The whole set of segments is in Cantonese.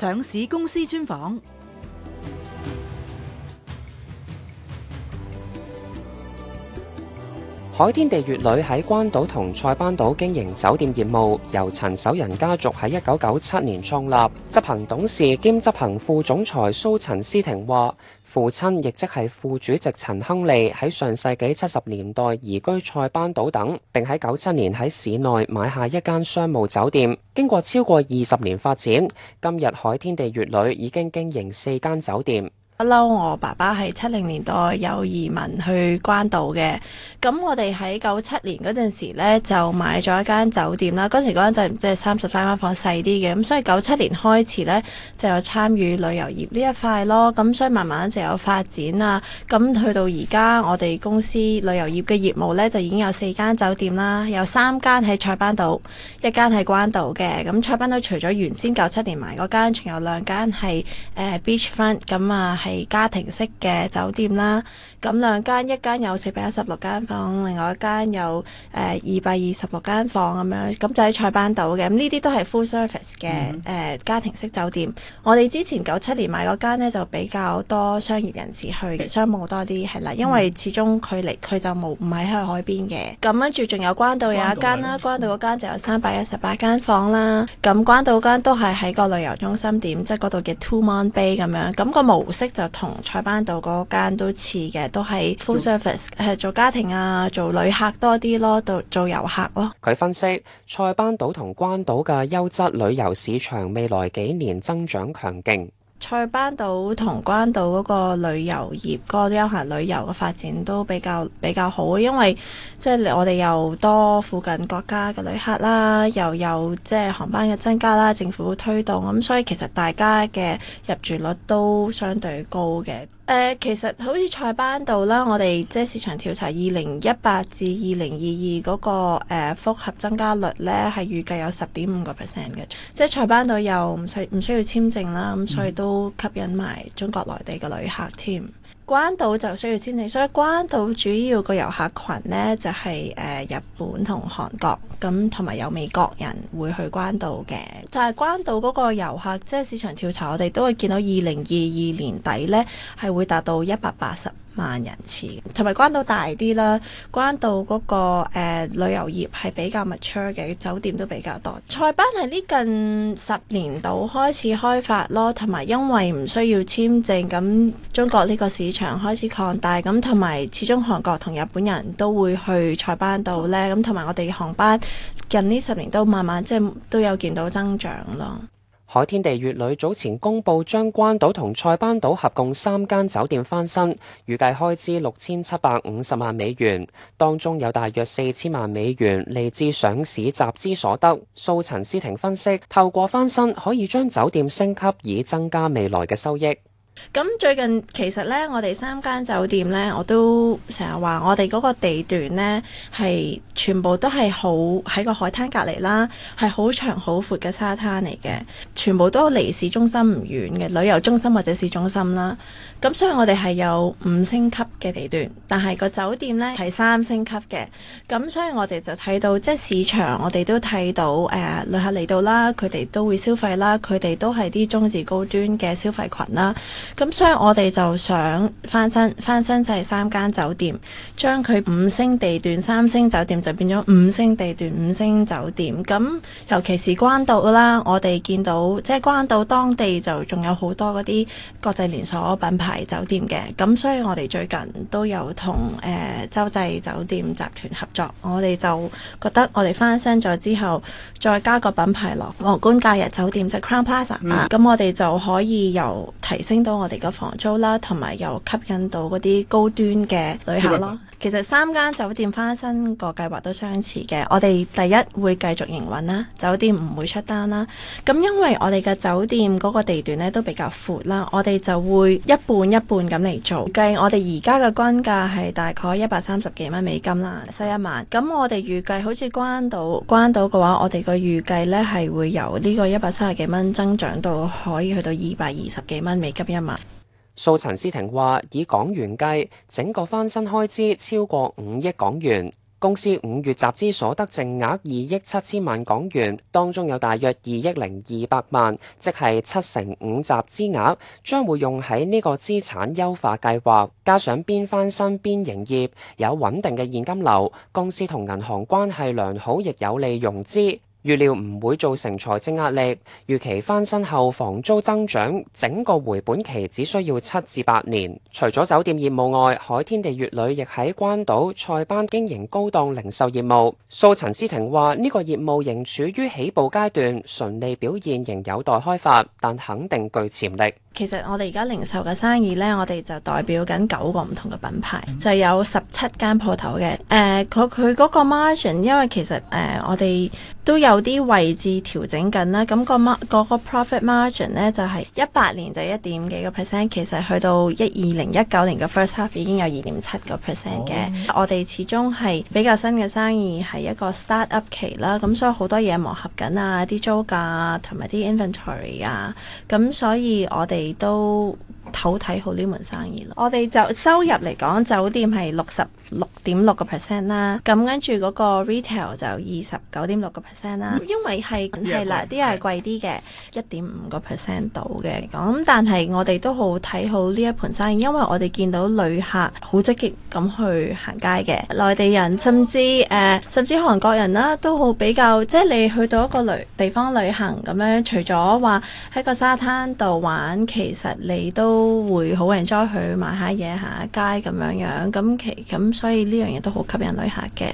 上市公司專訪，海天地悅旅喺關島同塞班島經營酒店業務，由陳守仁家族喺一九九七年創立。執行董事兼執行副總裁蘇陳詩婷話，父親亦即係副主席陳亨利喺上世紀七十年代移居塞班島等，並喺九七年喺市內買下一間商務酒店。經過超過二十年發展，今日海天地悅旅已經經營四間酒店。不嬲，Hello, 我爸爸係七零年代有移民去關島嘅。咁我哋喺九七年嗰陣時呢，就買咗一間酒店啦。嗰時嗰間就即係三十三間房細啲嘅。咁所以九七年開始呢，就有參與旅遊業呢一塊咯。咁所以慢慢就有發展啦。咁去到而家，我哋公司旅遊業嘅業務呢，就已經有四間酒店啦。有三間喺塞班島，一間喺關島嘅。咁塞班島除咗原先九七年買嗰間，仲有兩間係誒、呃、beachfront 咁啊。係家庭式嘅酒店啦，咁兩間，一間有四百一十六間房，另外一間有誒二百二十六間房咁樣，咁就喺塞班島嘅，咁呢啲都係 full service 嘅誒家庭式酒店。我哋之前九七年買嗰間呢，就比較多商業人士去嘅，商務多啲係啦，因為始終佢離佢就冇唔係喺海邊嘅。咁跟住仲有關島有一間啦，關島嗰間就有三百一十八間房啦，咁關島間都係喺個旅遊中心點，即係嗰度嘅 Tumon Bay 咁樣，咁個模式。就同塞班島嗰間都似嘅，都係 full service，係做家庭啊，做旅客多啲咯，到做遊客咯。佢分析塞班島同關島嘅優質旅遊市場未來幾年增長強勁。塞班島同關島嗰個旅遊業，嗰個休閒旅遊嘅發展都比較比較好，因為即係我哋又多附近國家嘅旅客啦，又有即係航班嘅增加啦，政府推動咁，所以其實大家嘅入住率都相對高嘅。誒、呃、其實好似塞班島啦，我哋即係市場調查、那個，二零一八至二零二二嗰個誒複合增加率呢係預計有十點五個 percent 嘅，即係塞班島又唔需唔需要簽證啦，咁所以都吸引埋中國內地嘅旅客添。關島就需要簽證，所以關島主要個遊客群呢，就係、是、誒、呃、日本同韓國，咁同埋有美國人會去關島嘅，但係關島嗰個遊客即係市場調查，我哋都會見到二零二二年底呢，係會達到一百八十萬人次，同埋關島大啲啦，關島嗰、那個、呃、旅遊業係比較 mature 嘅，酒店都比較多。塞班係呢近十年度開始開發咯，同埋因為唔需要簽證，咁中國呢個市場開始擴大，咁同埋始終韓國同日本人都會去塞班度呢。咁同埋我哋航班近呢十年都慢慢即係都有見到增長咯。海天地悅旅早前公布將關島同塞班島合共三間酒店翻新，預計開支六千七百五十萬美元，當中有大約四千萬美元嚟自上市集資所得。蘇陳詩婷分析，透過翻新可以將酒店升級，以增加未來嘅收益。咁最近其實呢，我哋三間酒店呢，我都成日話，我哋嗰個地段呢，係全部都係好喺個海灘隔離啦，係好長好闊嘅沙灘嚟嘅，全部都離市中心唔遠嘅旅遊中心或者市中心啦。咁所以我哋係有五星級嘅地段，但係個酒店呢係三星級嘅。咁所以我哋就睇到即係市場我，我哋都睇到誒旅客嚟到啦，佢哋都會消費啦，佢哋都係啲中至高端嘅消費群啦。咁所以我哋就想翻新翻新曬三間酒店，將佢五星地段三星酒店就變咗五星地段五星酒店。咁尤其是關島啦，我哋見到即係關島當地就仲有好多嗰啲國際連鎖品牌酒店嘅。咁所以我哋最近都有同誒洲際酒店集團合作，我哋就覺得我哋翻新咗之後再加個品牌落皇冠假日酒店就係，是，Crown Plaza 啊，嗯。咁我哋就可以由提升到我哋個房租啦，同埋又吸引到嗰啲高端嘅旅客咯。吧其實三間酒店翻新個計劃都相似嘅。我哋第一會繼續營運啦，酒店唔會出單啦。咁因為我哋嘅酒店嗰個地段咧都比較闊啦，我哋就會一半一半咁嚟做。計我哋而家嘅均價係大概一百三十幾蚊美金啦，收一萬。咁我哋預計好似關島關島嘅話，我哋個預計咧係會由呢個一百三十幾蚊增長到可以去到二百二十幾蚊美金。蘇陳詩婷話：以港元計，整個翻新開支超過五億港元。公司五月集資所得淨額二億七千萬港元，當中有大約二億零二百萬，即係七成五集資額，將會用喺呢個資產優化計劃。加上邊翻新邊營業，有穩定嘅現金流。公司同銀行關係良好，亦有利融資。預料唔會造成財政壓力，預期翻新後房租增長，整個回本期只需要七至八年。除咗酒店業務外，海天地悅旅亦喺關島塞班經營高檔零售業務。蘇陳詩婷話：呢、這個業務仍處於起步階段，順利表現仍有待開發，但肯定具潛力。其實我哋而家零售嘅生意呢，我哋就代表緊九個唔同嘅品牌，就有十七間鋪頭嘅。誒、呃，佢佢嗰個 margin，因為其實誒、呃、我哋都有啲位置調整緊啦。咁、嗰個 margin profit margin 呢，就係一八年就一點幾個 percent，其實去到一二零一九年嘅 first half 已經有二點七個 percent 嘅。Oh. 我哋始終係比較新嘅生意，係一個 start up 期啦。咁所以好多嘢磨合緊啊，啲租價同埋啲 inventory 啊。咁所以我哋都睇好呢門生意咯。我哋就收入嚟講，酒店係六十六點六個 percent 啦，咁跟住嗰個 retail 就二十九點六個 percent 啦，因為係係 Yeah. 啦，啲係貴啲嘅一點五個 percent 度嘅，咁但係我哋都好睇好呢一盤生意，因為我哋見到旅客好積極咁去行街嘅，內地人甚至誒、uh, 甚至韓國人啦，都好比較即係你去到一個旅地方旅行咁樣，除咗話喺個沙灘度玩，其實你都會好 enjoy 去買下嘢行下街咁樣樣，咁其咁。所以呢樣嘢都好吸引旅客嘅。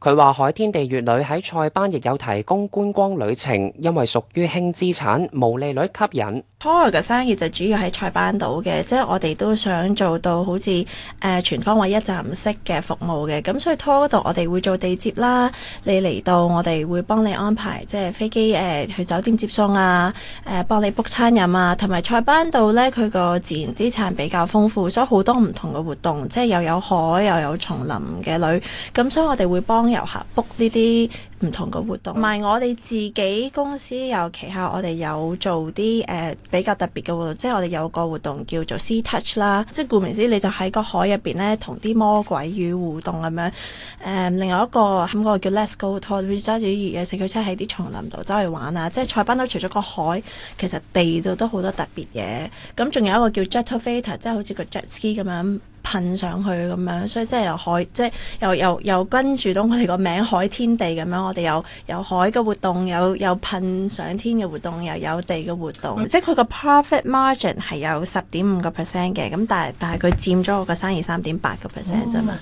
佢話海天地悅旅喺塞班亦有提供觀光旅程，因為屬於輕資產，毛利率吸引。海外嘅生意就主要喺塞班島嘅，即係我哋都想做到好似誒、呃、全方位一站式嘅服務嘅，咁所以拖嗰度我哋會做地接啦，你嚟到我哋會幫你安排，即係飛機誒、呃、去酒店接送啊，誒、呃、幫你 book 餐飲啊，同埋塞班島呢，佢個自然資產比較豐富，所以好多唔同嘅活動，即係又有，有海又有叢林嘅旅，咁所以我哋會幫遊客 book 呢啲。唔同嘅活動，唔係我哋自己公司有旗下，我哋有做啲誒、呃、比較特別嘅活動，即係我哋有個活動叫做 Sea Touch 啦，即係顧名思義你就喺個海入邊咧，同啲魔鬼魚互動咁樣。誒、呃，另外一個咁、那個叫 Let's Go Tour，揸住啲越野四驅車喺啲叢林度走嚟玩啊！即係塞班島除咗個海，其實地度都好多特別嘢。咁仲有一個叫 Jetovator 即係好似個 jet ski 咁樣。噴上去咁樣，所以即係又海，即係又又又跟住到我哋個名海天地咁樣，我哋有有海嘅活動，有有噴上天嘅活動，又有地嘅活動，嗯、即係佢個 profit margin 係有十點五個 percent 嘅，咁但係但係佢佔咗我個生意三點八個 percent 啫嘛。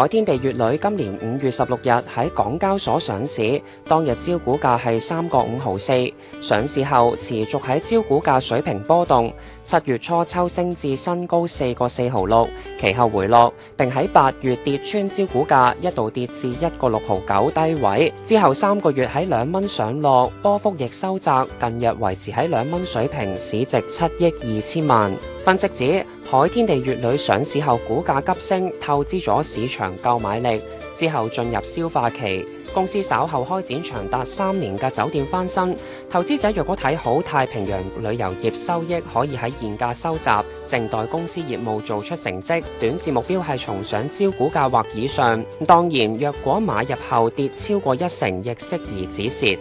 海天地悅旅今年五月十六日喺港交所上市，當日招股價係三個五毫四，上市後持續喺招股價水平波動，七月初抽升至新高四個四毫六，其後回落，並喺八月跌穿招股價，一度跌至一個六毫九低位，之後三個月喺兩蚊上落，波幅亦收窄，近日維持喺兩蚊水平，市值七億二千萬。分析指，海天地悅旅上市後股價急升，透支咗市場購買力之後進入消化期。公司稍後開展長達三年嘅酒店翻新。投資者若果睇好太平洋旅遊業收益，可以喺現價收集，靜待公司業務做出成績。短線目標係從上招股價或以上。當然，若果買入後跌超過一成，亦適宜止蝕。